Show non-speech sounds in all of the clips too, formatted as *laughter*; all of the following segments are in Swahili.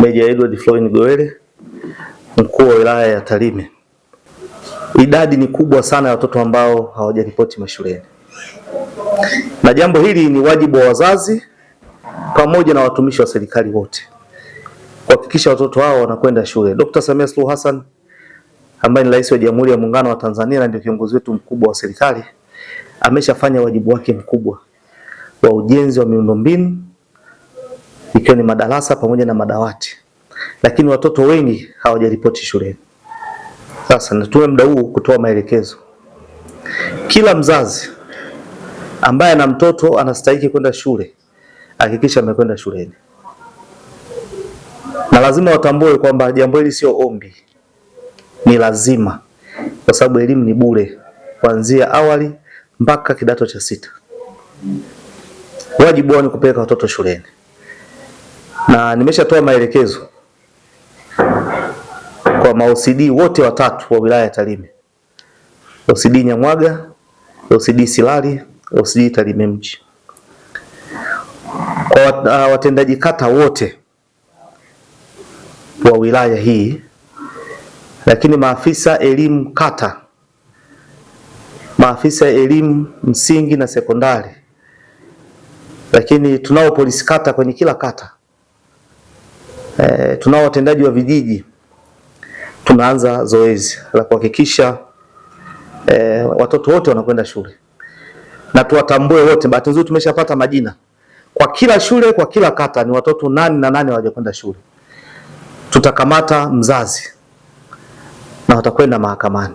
Meja Edward Floyd Gowele, mkuu wa wilaya ya Tarime. Idadi ni kubwa sana ya watoto ambao hawajaripoti mashuleni, na jambo hili ni wajibu wa wazazi pamoja na watumishi wa serikali wote kuhakikisha watoto hao wanakwenda shule. Dr. Samia Suluhu Hassan ambaye ni rais wa Jamhuri ya Muungano wa Tanzania na ndio kiongozi wetu mkubwa wa serikali ameshafanya wajibu wake mkubwa wa ujenzi wa miundombinu ikiwa ni madarasa pamoja na madawati, lakini watoto wengi hawajaripoti shuleni. Sasa natumia muda huu kutoa maelekezo. Kila mzazi ambaye ana mtoto anastahili kwenda shule, hakikisha amekwenda shuleni, na lazima watambue kwamba jambo hili sio ombi, ni lazima, kwa sababu elimu ni bure kuanzia awali mpaka kidato cha sita. Wajibu wao ni kupeleka watoto shuleni na nimeshatoa maelekezo kwa maosidi wote watatu wa wilaya ya Tarime, OCD Nyamwaga, OCD Silali, OCD Tarime mji, kwa uh, watendaji kata wote wa wilaya hii, lakini maafisa elimu kata, maafisa elimu msingi na sekondari, lakini tunao polisi kata kwenye kila kata E, tunao watendaji wa vijiji, tunaanza zoezi la kuhakikisha e, watoto wote wanakwenda shule na tuwatambue wote. Bahati nzuri tumeshapata majina kwa kila shule, kwa kila kata, ni watoto nani na nani hawajakwenda shule. Tutakamata mzazi na watakwenda mahakamani.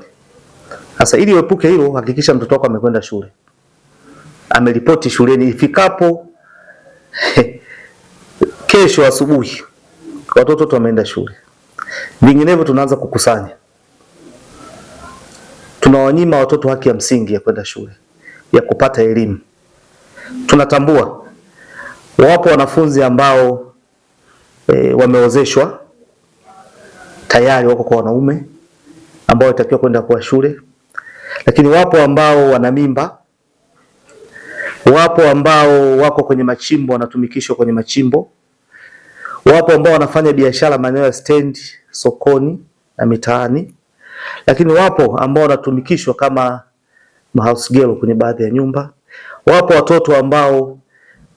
Sasa ili uepuke hilo, hakikisha mtoto wako amekwenda shule, ameripoti shuleni ifikapo *laughs* kesho asubuhi watoto wameenda shule, vinginevyo tunaanza kukusanya, tunawanyima watoto haki ya msingi ya kwenda shule, ya kupata elimu. Tunatambua wapo wanafunzi ambao e, wameozeshwa tayari, wako kwa wanaume ambao watakiwa kwenda kwa shule, lakini wapo ambao wana mimba wapo ambao wako kwenye machimbo wanatumikishwa kwenye machimbo. Wapo ambao wanafanya biashara maeneo ya stendi, sokoni na mitaani, lakini wapo ambao wanatumikishwa kama mahouse girl kwenye baadhi ya nyumba. Wapo watoto ambao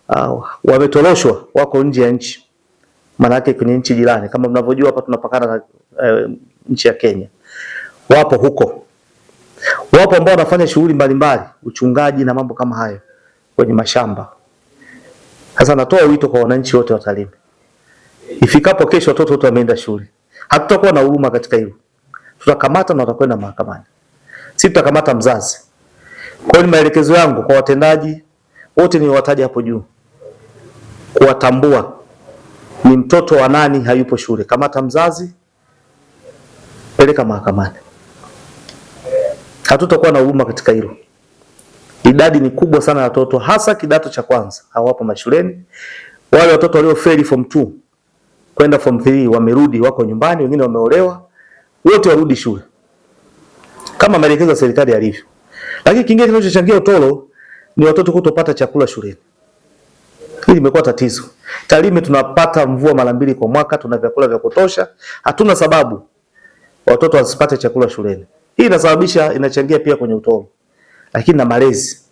uh, wametoroshwa wako nje ya nchi, maanake kwenye nchi jirani. Kama mnavyojua hapa tunapakana na uh, nchi ya Kenya. Wapo huko, wapo ambao wanafanya shughuli mbalimbali, uchungaji na mambo kama hayo kwenye mashamba. Sasa natoa wito kwa wananchi wote wa watalime. Ifikapo kesho watoto wote wameenda shule. Hatutakuwa na huruma katika hilo. Tutakamata na tutakwenda mahakamani. Sisi tutakamata mzazi. Kwa hiyo maelekezo yangu kwa watendaji wote niliowataja hapo juu, kuwatambua ni mtoto wa nani hayupo shule, kamata mzazi, peleka mahakamani. Hatutakuwa na huruma katika hilo. Idadi ni kubwa sana ya watoto, hasa kidato cha kwanza hawapo mashuleni. Wale watoto waliofeli form 2 kwenda form 3 wamerudi, wako nyumbani, wengine wameolewa, wote warudi shule kama maelekezo ya serikali yalivyo. Lakini kingine kinachochangia utoro ni watoto kutopata chakula shuleni. Hili limekuwa tatizo. Tarime tunapata mvua mara mbili kwa mwaka, tuna vyakula vya kutosha, hatuna sababu watoto wasipate chakula shuleni. Hii inasababisha, inachangia pia kwenye utoro, lakini na malezi